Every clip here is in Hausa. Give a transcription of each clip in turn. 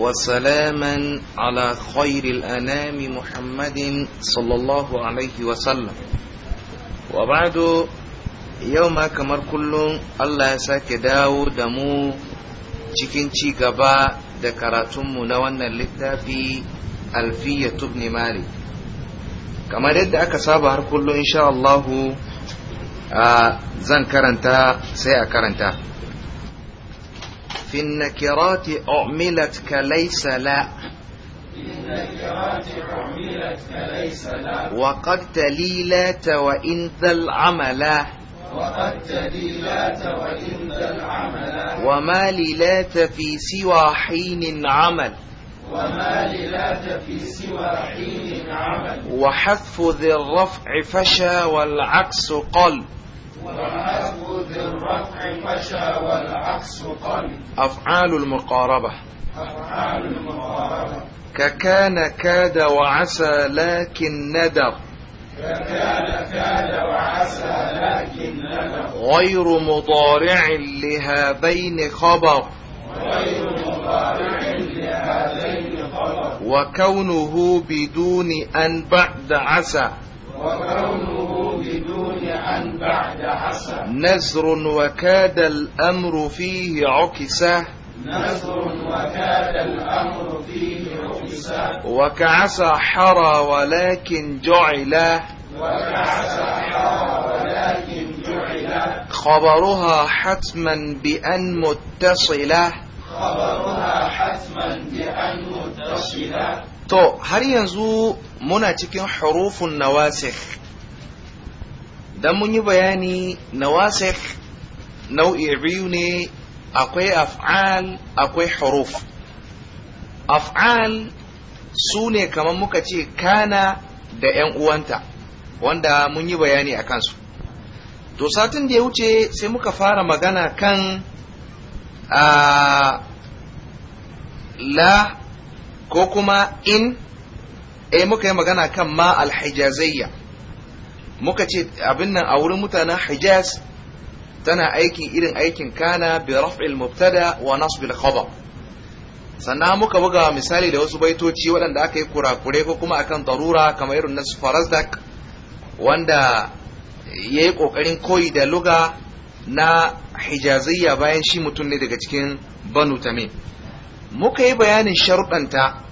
وسلاما على خير الأنام محمد صلى الله عليه وسلم وبعد يوم كمر كل الله ساك داو دمو cikin ci gaba da karatunmu na wannan littafi alfiya tubni mali kamar yadda aka saba har kullum insha Allahu zan karanta sai a karanta في النكرات أعملت كليس لا وقد تليلات وإن ذا العمل وقد تليلات وإن ذا العمل وما للات في سوى حين عمل وما للات في سوى حين عمل وحذف ذي الرفع فشى والعكس قل مشى والعكس أفعال المقاربة أفعال المقاربة ككان كاد وعسى لكن ندر ككان كاد وعسى لكن ندر غير مضارع لهذين خبر غير مضارع لهذين خبر وكونه بدون أن بعد عسى وكونه نعم. بعد حسن نزر وكاد الأمر فيه عكسة نزر وكاد الأمر فيه عكسة وكعسى حرى ولكن جعله وكعسى حرى ولكن جعله خبرها حتما بأن متصلة خبرها حتما بأن متصلة تو هل ينزو منا تكن حروف النواسخ dan mun yi bayani nawasef, nau'i biyu ne akwai af'al akwai huruf af'al su ne kamar muka ce kana da 'yan uwanta wanda mun yi bayani a kansu to satin da ya wuce sai muka fara magana kan la ko kuma in eh muka yi magana kan ma alhijazayya muka ce abin nan a wurin mutanen hijaz tana aiki irin aikin kana bi raf'il mubtada wa nasbil khabar sannan muka buga misali da wasu baitoci waɗanda aka yi kurakure ko kuma akan darura kamar irin nasu farazdak wanda ya yi ƙoƙarin koyi da luga na hijaziyya bayan shi mutum ne daga cikin banu tamim muka yi bayanin sharuɗanta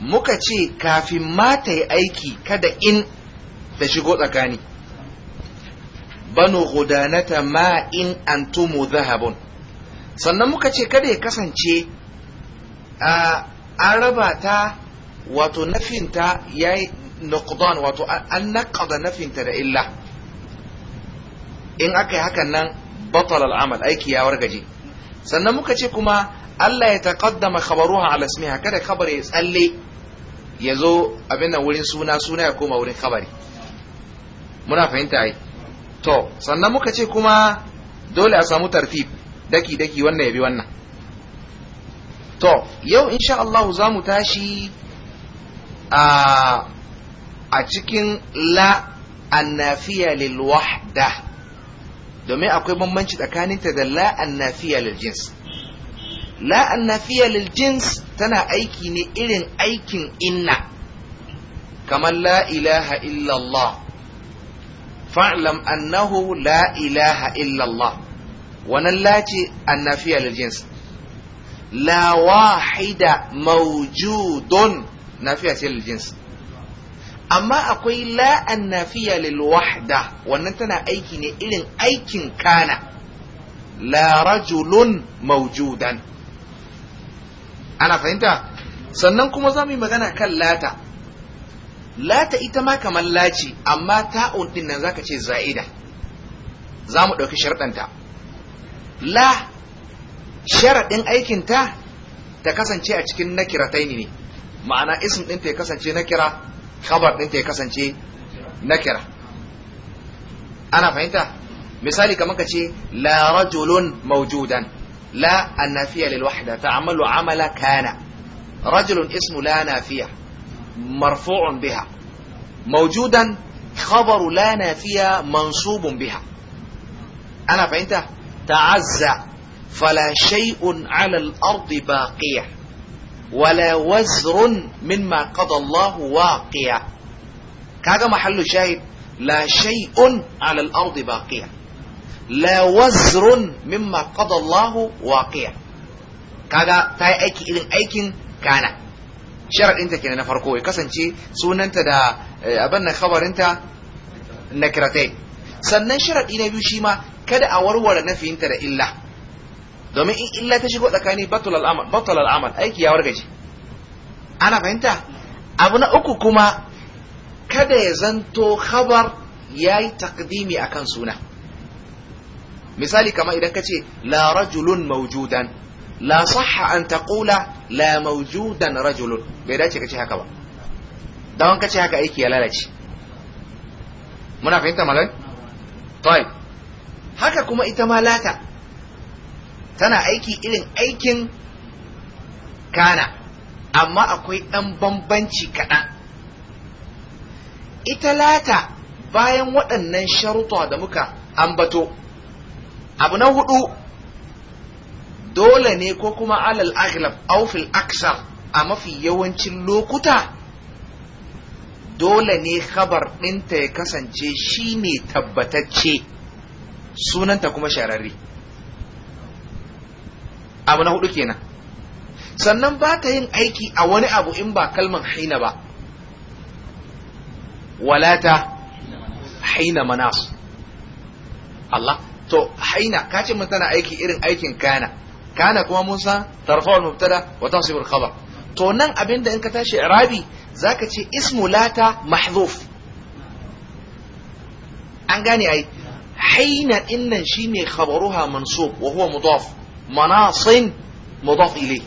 muka ce kafin ma ta yi aiki kada in da shigo tsakani banu gudanata ma in antumu zahabun sannan muka ce kada ya kasance an raba ta wato nafinta ya yi nuqdan wato an naqada nafinta da illa in aka yi hakan nan batal al'amal aiki ya wargaje sannan muka ce kuma Allah ya taƙaddama khabaruha ala ismiha kada khabar ya tsalle ya zo abin nan wurin suna suna ya koma wurin khabari muna fahimta ai to sannan muka ce kuma dole a samu tartib daki daki wannan ya bi wannan to yau insha Allah za mu tashi a a cikin la annafiya lil wahda domin akwai bambanci tsakaninta da la annafiya lil jins la annafiya lil jins tana aiki ne irin aikin inna kamar la ilaha illallah fa'lam annahu la ilaha illallah wannan la ce annafiya lil jins la wahida mawjudun nafiya amma akwai la annafiya lil wahda wannan tana aiki ne irin aikin kana la rajulun mawjudan ana fahimta sannan kuma za mu yi magana kan lata lata ita ma kamar laci amma ta'un din nan zaka ce za'ida za mu ɗauki sharɗanta la sharaɗin aikinta ta kasance a cikin nakirataini ne ma'ana ism ta ya kasance nakira khabar ta ya kasance nakira ana fahimta misali kamar ka ce la rajulun mawjudan la annafiya lil wahda amala kana rajulun ismu la nafiya مرفوع بها موجودا خبر لا نافية منصوب بها أنا فأنت تعزى فلا شيء على الأرض باقية ولا وزر مما قضى الله واقية كذا محل شاهد لا شيء على الأرض باقية لا وزر مما قضى الله واقية كذا تأكي إذن أيكين كانت sharaɗinta ke kenan na farko ya kasance sunanta da eh, abin na khabarinta sannan sharadi na biyu shi ma kada a warware nafiyinta da illa domin in illa ta shigo tsakani batul al'amal aiki ya wargaje ana fahimta abu na uku kuma kada ya zanto khabar yayi takdimi akan suna misali kamar idan ka ce la rajulun la sahha an taqula la mawjudan rajulun bai dace kace haka ba dan kace haka aiki ya lalace muna fahimta malai tayi haka kuma ita ma lata tana aiki irin aikin kana amma akwai ɗan bambanci kaɗan ita lata bayan waɗannan sharuta da muka ambato abu na hudu dole ne ko kuma alal aghlab aw fil aksar a mafi yawancin lokuta dole ne khabar ɗinta ya kasance shi ne tabbatacce sunanta kuma shararri abu na hudu kenan sannan ba ta yin aiki a wani abu in ba kalman haina ba walata haina manas Allah to haina ka ce tana aiki irin aikin kana kana kuma musa tarfa al mubtada wa tasib al to nan abinda in ka tashi Rabi, zaka ce ismu lata mahdhuf an gane ai haina dinnan shine khabaruha mansub wa huwa manasin mudaf ilayh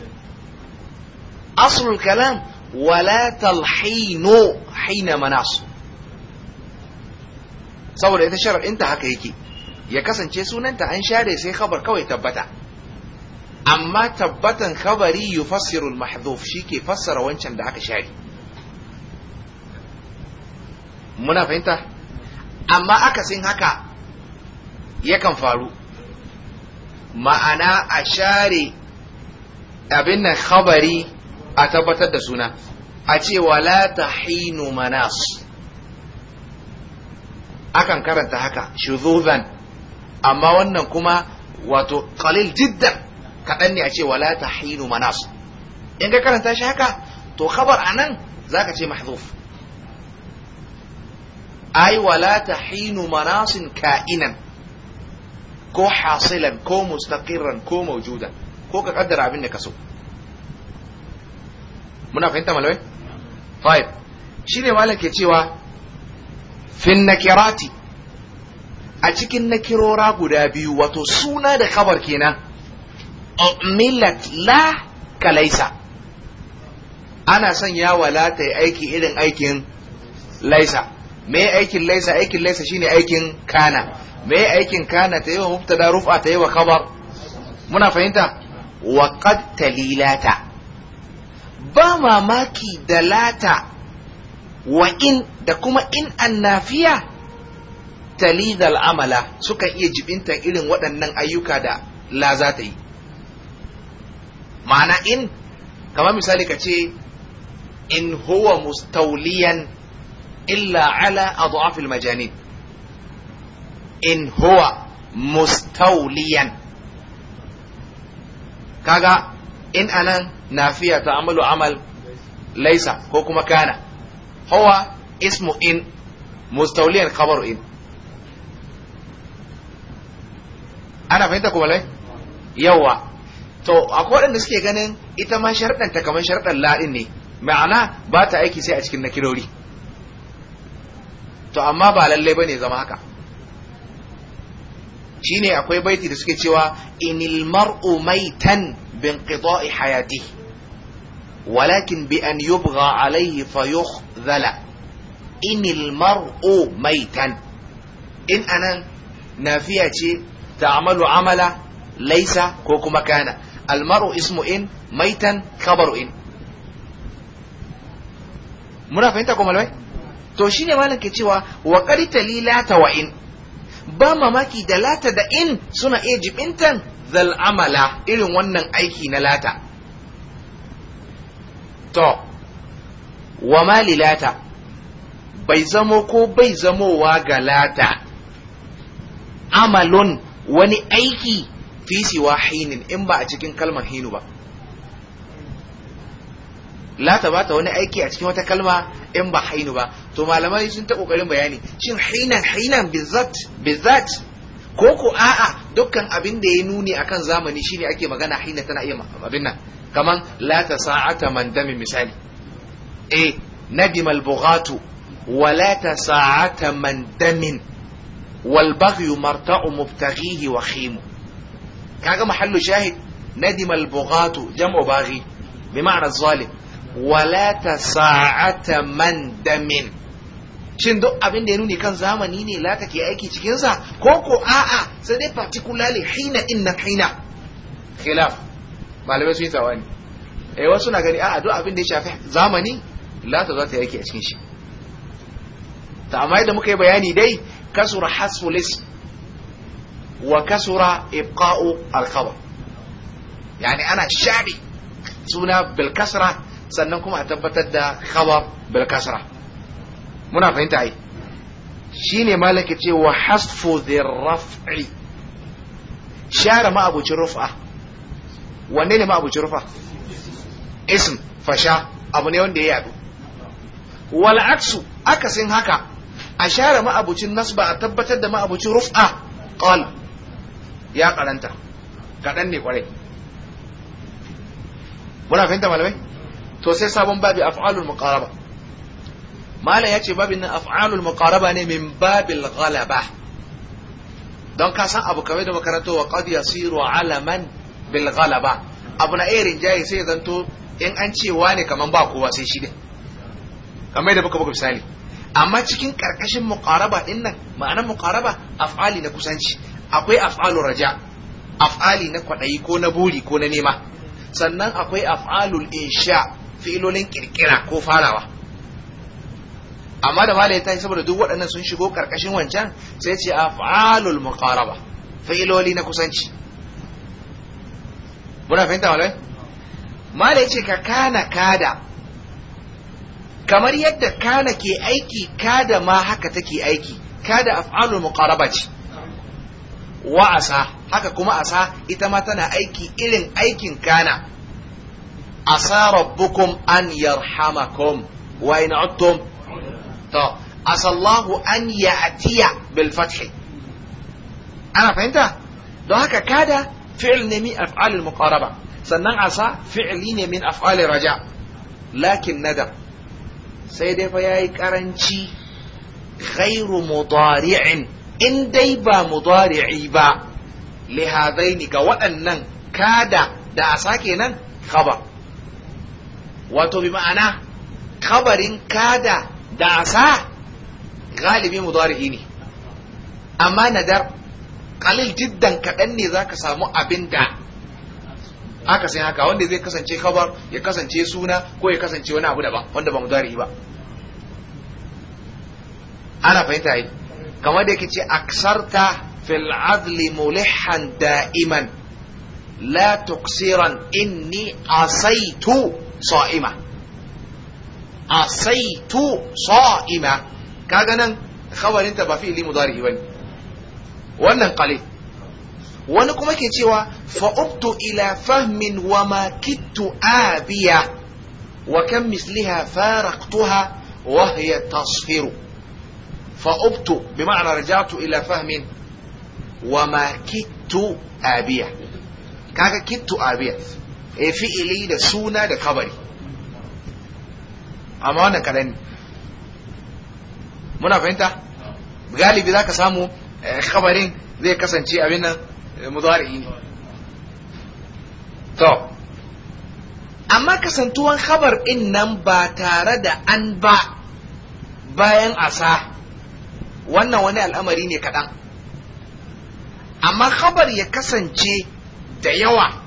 asl al kalam ولا تلحين حين مناص saboda ita sharar inta haka yake ya kasance sunanta an share sai khabar kawai tabbata amma tabbatan khabari yufassiru al-mahdhuf shike fassara wancan da aka share muna fahimta amma akasin haka yakan faru ma'ana a share abin nan khabari a tabbatar da suna a ce wala tahinu manas akan karanta haka shuzuzan amma wannan kuma wato qalil jiddan kaɗan ne a ce wala tahinu manas in ka karanta shi haka to khabar za ka ce mahzuf ai wala tahinu manasin ka'inan ko hasilan ko mustaqirran ko mawjudan ko ka kaddara abin da ka so muna fahimta malamai fa'id shine malam ke cewa fin nakirati a cikin nakirora guda biyu wato suna da khabar kenan umilat la kalaisa ana sanya wa la ta aiki irin aikin laisa me aikin laisa aikin laisa shine aikin kana me aikin kana ta yi wa mubtada rufa ta yi wa khabar muna fahimta wa qad talilata ba mamaki da lata wa in da kuma in annafiya talidal amala suka iya jibinta irin waɗannan ayyuka da la za ta yi ma'ana in kamar misali ka ce in huwa mustauliyan illa ala adhafil majanin in huwa mustauliyan kaga in anan nafiya ta amalu amal laisa ko kuma kana huwa ismu in mustauliyan kabar in ana fahimta kuma lai yawa to akwai waɗanda suke ganin ita ma sharɗanta kamar sharɗan laɗin ne ma'ana ba ta aiki sai a cikin nakirori to amma ba lallai ne zama haka shine akwai baiti da suke cewa inil mar'u maitan bin qita'i hayati walakin bi an yubgha alayhi fayukhzala inil mar'u maitan in anan nafiya ce ta'malu amala laisa ko kuma kana almaru ismu in maitan kabaru in muna fahimta ko malamai to shine malam ke cewa wa qaritali lata wa in ba mamaki da lata da in suna iya jibintan zal amala irin wannan aiki na lata to wa mali bai zamo ko bai zamowa ga lata amalun wani aiki fi siwa hinin in ba a cikin kalmar hinu ba la ta bata wani aiki a cikin wata kalma in ba hainu ba to malamai sun ta kokarin bayani shin hainan hainan bizat, bizat. ko ko a'a dukkan abin da ya nuni akan zamani shine ake magana haina tana iya abin nan kaman la ta sa'ata man dami misali E! nadim al bughatu wa la ta sa'ata man damin wal baghyu marta'u mubtaghihi wa khimu kaga mahallu shahid nadim al-bughatu jam'u baghi bima'na zalim wala tasa'ata man damin shin duk abin da ya nuni kan zamani ne laka ke aiki cikin sa ko ko a'a sai dai particularly hina inna hina khilaf malamai sun yi tawani eh wasu na gani a'a duk abin da ya shafi zamani lata za ta yi aiki a cikin shi ta amma yadda muka yi bayani dai kasur hasfulis وكسر إبقاء الخبر يعني أنا شعبي سنة بالكسرة سننكم أتبتد خبر بالكسرة منا فهمت أي شيني مالك وحصف ذي الرفع شعر ما أبو جرفة ونين ما أبو جرفة اسم فشا أبو نيون دي يعدو والعكس أكسن هكا a share ma'abucin nasba a tabbatar da ma'abucin rufa qal ya karanta kaɗan ne kwarai muna fahimta malamai to sai sabon babi af'alul muqaraba malam ya ce babin nan af'alul muqaraba ne min babil ghalaba don ka san abu kamar da makaranta wa qad yasiru alaman bil ghalaba abu na irin jayi sai zanto in an ce ne kaman ba kowa sai shi ne kamar da muka buga misali amma cikin karkashin muqaraba din nan ma'anar muqaraba af'ali na kusanci akwai af'alu raja af'ali na kwaɗayi ko na buri ko na nema sannan akwai af'alul insha fi'ilolin kirkira ko farawa amma da malai ta saboda duk waɗannan sun shigo karkashin wancan sai ce af'alul muqaraba fi'iloli na kusanci muna fahimta malai malai ce ka kana kada kamar yadda kana ke aiki kada ma haka take aiki kada af'alul muqaraba ce wa asa haka kuma asa ita ma tana aiki irin aikin kana asa rabbukum an yarhamakum wa in uttum to asallahu an ya'tiya bil fath ana fahimta don haka kada fi'l ne min af'al al muqaraba sannan asa fi'li ne min af'al raja lakin nadam sai dai fa yayi karanci ghairu mudari'in in dai ba mudari'i ba li hadaini ga waɗannan kada da a sake nan khabar wato bi ma'ana khabarin kada da asa galibi mudari'i ne amma nadar kalil jiddan kaɗan ne za ka samu abinda. aka sai haka wanda zai kasance khabar ya kasance suna ko ya kasance wani abu daban wanda ba mudari ba ana fahimta yi kamar da yake ce aksarta fil adli mulihan da'iman la tuksiran inni asaitu sa'ima asaitu sa'ima kaga nan khabarinta ba fi'li mudarihi bane wannan qalil wani kuma ke cewa fa'ubtu ila fahmin wa ma kittu abiya wa kan misliha faraqtuha wa hiya tasfiru فأبت بمعنى رجعت إلى فهم وما كدت أبيع كاكا كدت أبيع في إلي ده سونا ده خبري أما أنا كلام muna fahimta galibi za ka samu khabarin zai kasance abin nan mudari ne amma kasantuwan khabar in nan ba tare da an ba bayan asa wannan wani al'amari ne kaɗan amma khabar ya kasance da yawa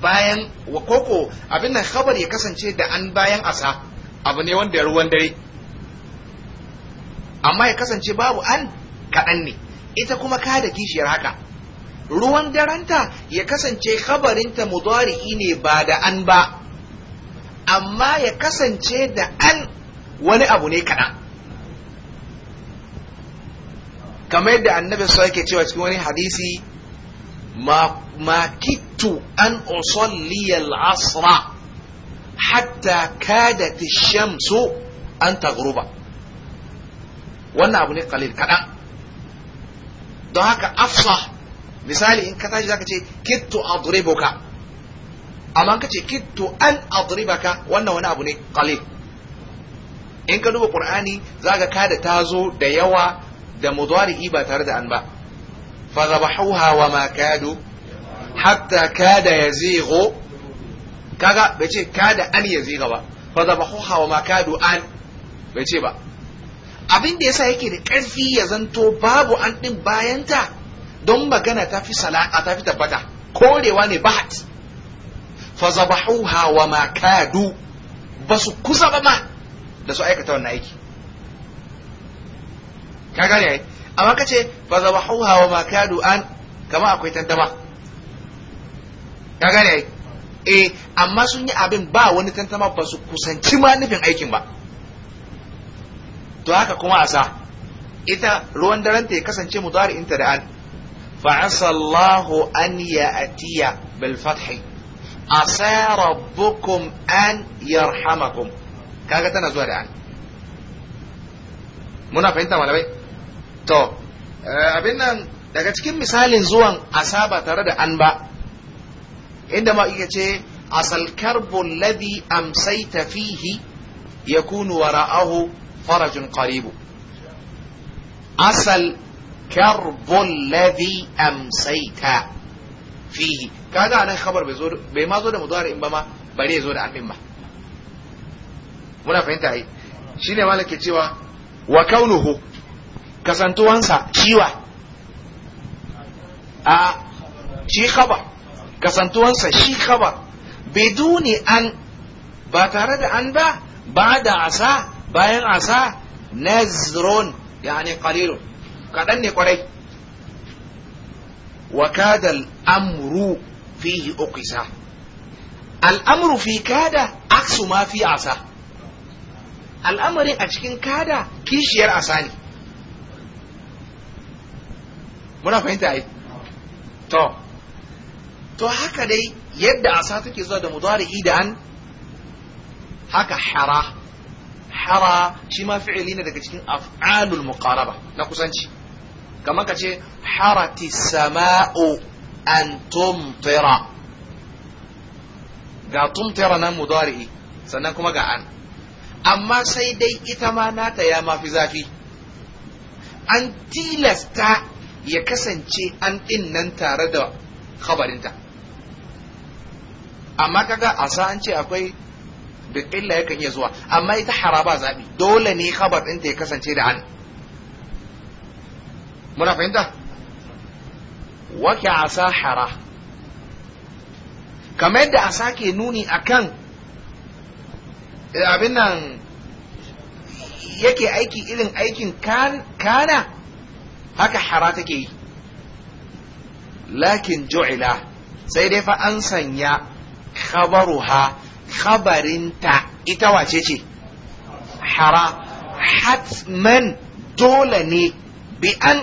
bayan wa koko abin nan khabar ya kasance da an bayan asa abu ne wanda ya ruwan dare amma ya kasance babu an kaɗan ne ita kuma ka da kishiyar haka ruwan daranta ya kasance khabarinta mudari'i ne ba da an ba amma ya kasance da an wani abu ne kaɗan kamar yadda annabi sa yake cewa cikin wani hadisi ma kittu an usalli al-asra hatta kadat ash-shamsu an taghruba wannan abu ne qalil kadan don haka afsah misali in ka tashi zaka ce kittu adribuka amma ka ce kittu an adribaka wannan wani abu ne qalil in ka duba qur'ani zaka kada ta zo da yawa da mudari'i ba tare da an ba fa zabahuha wa ma kadu hatta kada yazighu kaga bai ce kada an yazigha ba fa zabahuha wa ma kadu an bai ce ba abin da yasa yake da karfi ya zanto babu an din bayanta don magana ta fi sala'a ta fi tabbata korewa ne bahat fa zabahuha wa ma kadu basu kusa ba ma da su aikata wannan aiki ka gane ai amma kace fa zabahuha wa ma kadu an kama akwai tantama ka gane ai eh amma sun yi abin ba wani tantama ba su kusanci ma nufin aikin ba to haka kuma asa? ita ruwan daren ta ya kasance inta da an ya atiya bil يأتي asa rabbukum an yarhamakum kaga tana zuwa da an muna fahimta malamai to eh, abin nan daga cikin misalin zuwan asa ba tare da an ba inda ma iya ce asal karbu ladhi amsayta fihi yakunu wara'ahu farajun qaribu asal karbu ladhi amsayta fihi kaga anan khabar bai zo bai ma zo da mudari in ba ma bare ya zo da an ba muna fahimta yi. ai shine ke cewa wa kaunuhu kasantuwansa shiwa a shi khabar kasantuwansa shi khabar biduni an ba tare da an ba ba da asa bayan asa nazron yani qalilun kaɗan ne kwarai wa kada al'amru fihi uqisa al'amru fi kada aksu ma fi asa al'amarin a cikin kada kishiyar asa ne muna fahimta ai to to haka dai yadda asa take zuwa da mudari'i da an haka hara hara shi ma fi'ili ne daga cikin af'alul muqaraba na kusanci kamar ka ce harati sama'u an tumtira ga tumtira nan mudari'i sannan kuma ga an amma sai dai ita ma nata ya mafi zafi an tilasta ya kasance an ɗin nan tare da khabarinta amma kaga sa an ce akwai da illa yakan iya zuwa amma ita haraba zaɓi. dole ne khabar ɗinta ya kasance da an muna fahimta wake sa hara kamar yadda sa ke nuni akan eh, abin nan yake aiki irin aikin kana haka hara take yi lakin ju'ila sai dai fa an sanya khabaruha khabarinta ita wace ce hara hatman dole ne bi an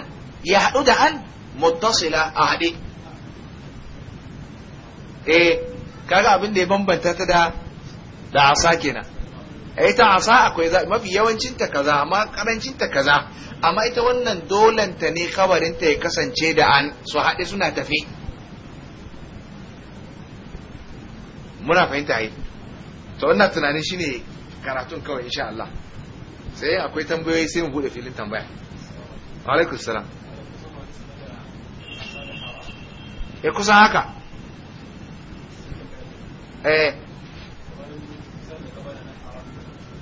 ya haɗu da an muttasila a haɗe eh kaga abin da ya bambanta ta da da asa kenan eh, ita asa akwai mafi yawancinta kaza amma kaza amma ita wannan dolanta ne kabarinta ya kasance da an su haɗe suna tafi muna fahimta yi Ta wannan tunanin shi ne karatun kawai insha Allah sai akwai tambayoyi sai mu bude filin tambaya alaikum salam ya eh, kusan haka eh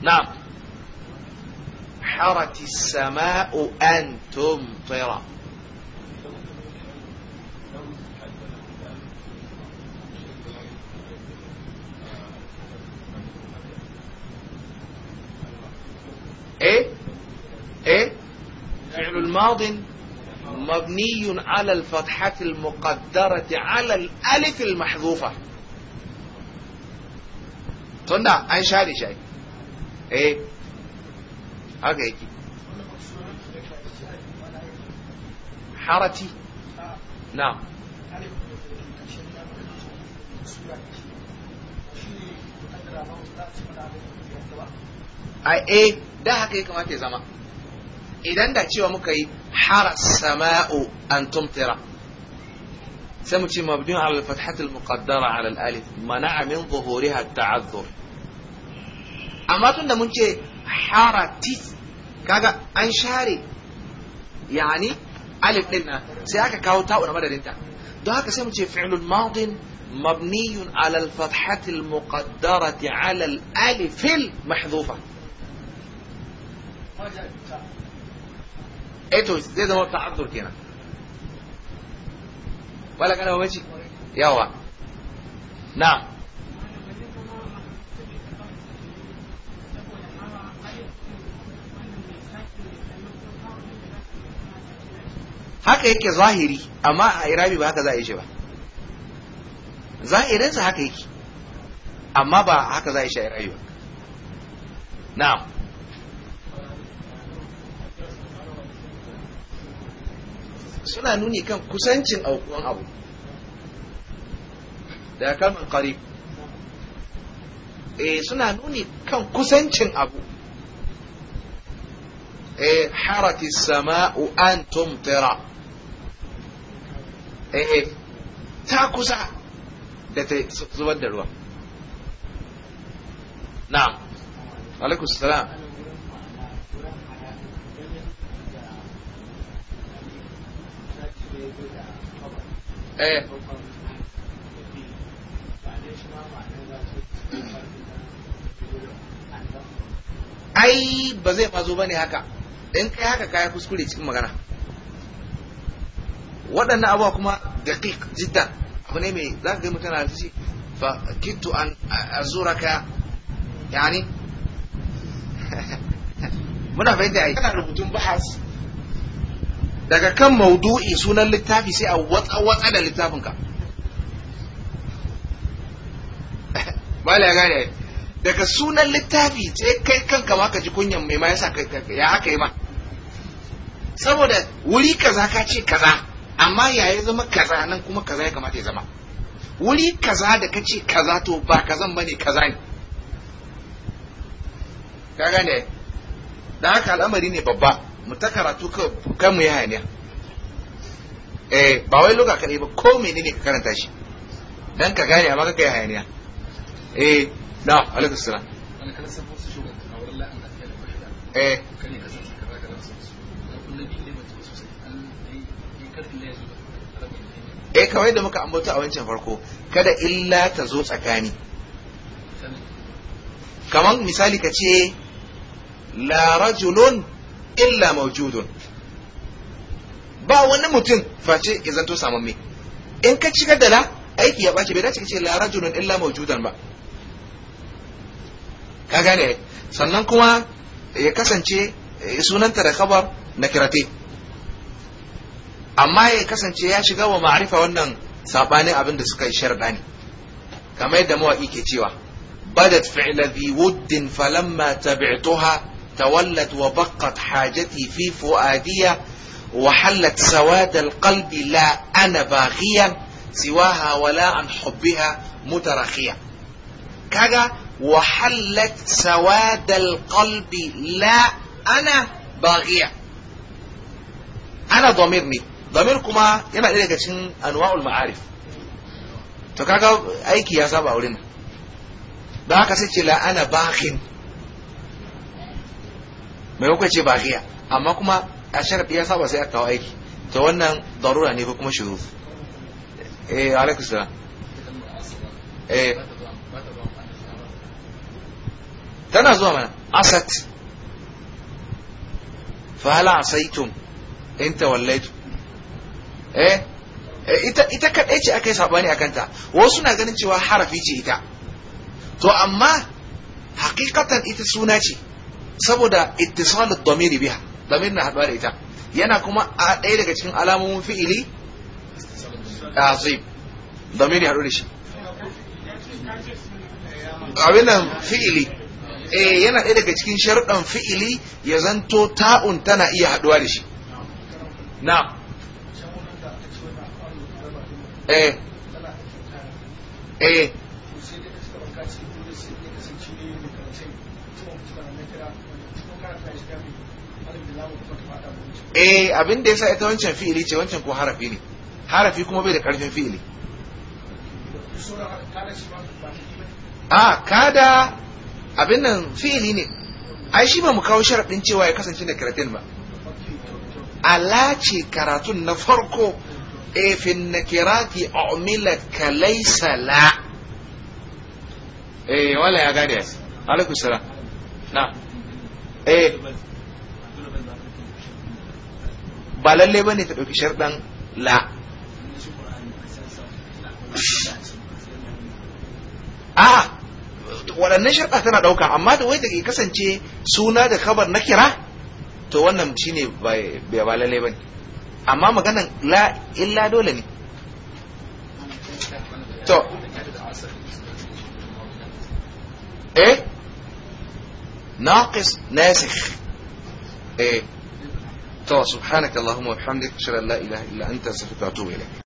na'am حرت السماء أن تمطر ايه ايه فعل الماض مبني على الفتحة المقدرة على الألف المحذوفة قلنا عين شهادي شيء ايه haka yake harati na a eh, da haka ya kamata ya zama idan da cewa muka yi har sama'u an tumtira sai mu ce mabdun ala al-fathah al-muqaddara ala al-alif mana'a min zuhuriha at-ta'azzur amma da mun ce harati kaga an share yani alif din nan sai aka kawo ta'u na madadin ta don haka sai mu ce fi'lun madin mabniyun ala al-fathati al-muqaddarati ala al-alif al-mahdhufa eto zai zama ta'azzur kenan wala kana bace yawa na'am haka yake zahiri amma a irabi ba haka za a yi shi ba zahirinsa haka yake amma ba haka za a yi shi a irabi ba na'am suna nuni kan kusancin aukuwan abu da kalmar qarib eh suna nuni kan kusancin abu eh harati sama'u an tumtira Eh, eh ta kusa da ta zubar da ruwa na'am alaikus salam eh ai ba zai ba ne haka in kai haka kai kuskure cikin magana waɗannan abuwa kuma daƙiƙ jidda abu ne mai za ka ga mutane da shi fa kitu an azuraka yani muna fahimta yi. kana rubutun bahas daga kan maudu'i sunan littafi sai a watsa watsa da littafin ka bala gane daga sunan littafi sai kai kanka ma ka ji kunyan mai ma yasa ya haka yi ma saboda wuri kaza ka ce kaza amma ya ya zama kaza nan kuma kaza ya kamata ya zama wuri kaza da kace kaza to ba kazan bane kaza ne ka gane da haka al'amari ne babba mu ta karatu kai mu yi hayaniya eh ba wai luga kadai ba ko menene ka karanta shi dan ka gane amma ka kai hayaniya eh na alaikum salam eh eh kawai da muka ambata a wancan farko kada illa ta zo tsakani kamar misali ka ce la rajulun illa mawjudun ba wani mutum face ya samun samamme in ka cika da la aiki ya bace bai dace ka ce la rajulun illa mawjudan ba ka gane sannan kuma ya kasance eh, sunanta da kabar na kirate amma ya kasance ya shiga wa ma'arifa wannan sabanin abin da suka yi sharda ne kamar yadda mawaƙi ke cewa badat fi'la bi wuddin falamma tabi'tuha tawallat wa baqat hajati fi fuadiya wa hallat sawad alqalbi la ana baghiyan siwaha wala an hubbiha mutarakhiya kaga wa hallat sawad alqalbi la ana baghiya ana ضمير ne damir kuma yana ɗaya daga cikin anwa'ul ma'arif to kaga aiki ya saba wurin da haka sai ce la ana bakhin mai kuka ce bakhiya amma kuma a sharaf ya saba sai aka aiki to wannan darura ne ko kuma shuzuz eh alaikum salam eh tana zuwa mana asat fa hala asaitum in tawallaitum Eh? Eh, ita ita kadai ce aka yi sabani akan ta wasu na ganin cewa harafi ce ita to amma hakikatan ita suna ce saboda ittisalud damiri biha damir na haɗuwa da ita yana kuma a ɗaya daga cikin alamomin fi'ili azim damir ya haɗu da shi abin nan fi'ili eh yana ɗaya daga cikin sharuɗan fi'ili ya zanto ta'un tana iya haɗuwa da shi na eh eh eh abin da yasa ita wancan fi'ili ce wancan ko harafi ne harafi kuma bai da karfin fi'ili a kada abin nan fi'ili ne ai shi ba mu kawo sharaɗin cewa ya kasance da karatin ba ala ce karatun na farko إيه في النكرات أعملت كليس لا إيه ولا يا داريس عليكم السلام نعم ba lalle bane ta ɗauki sharɗan la a waɗannan sharɗa tana ɗauka amma da wai da ke kasance suna da kabar na kira to wannan shine ba lalle bane amma maganan la illa dole ne to eh ناقص ناسخ ايه تو سبحانك اللهم وبحمدك اشهد ان لا اله الا انت استغفرك واتوب اليك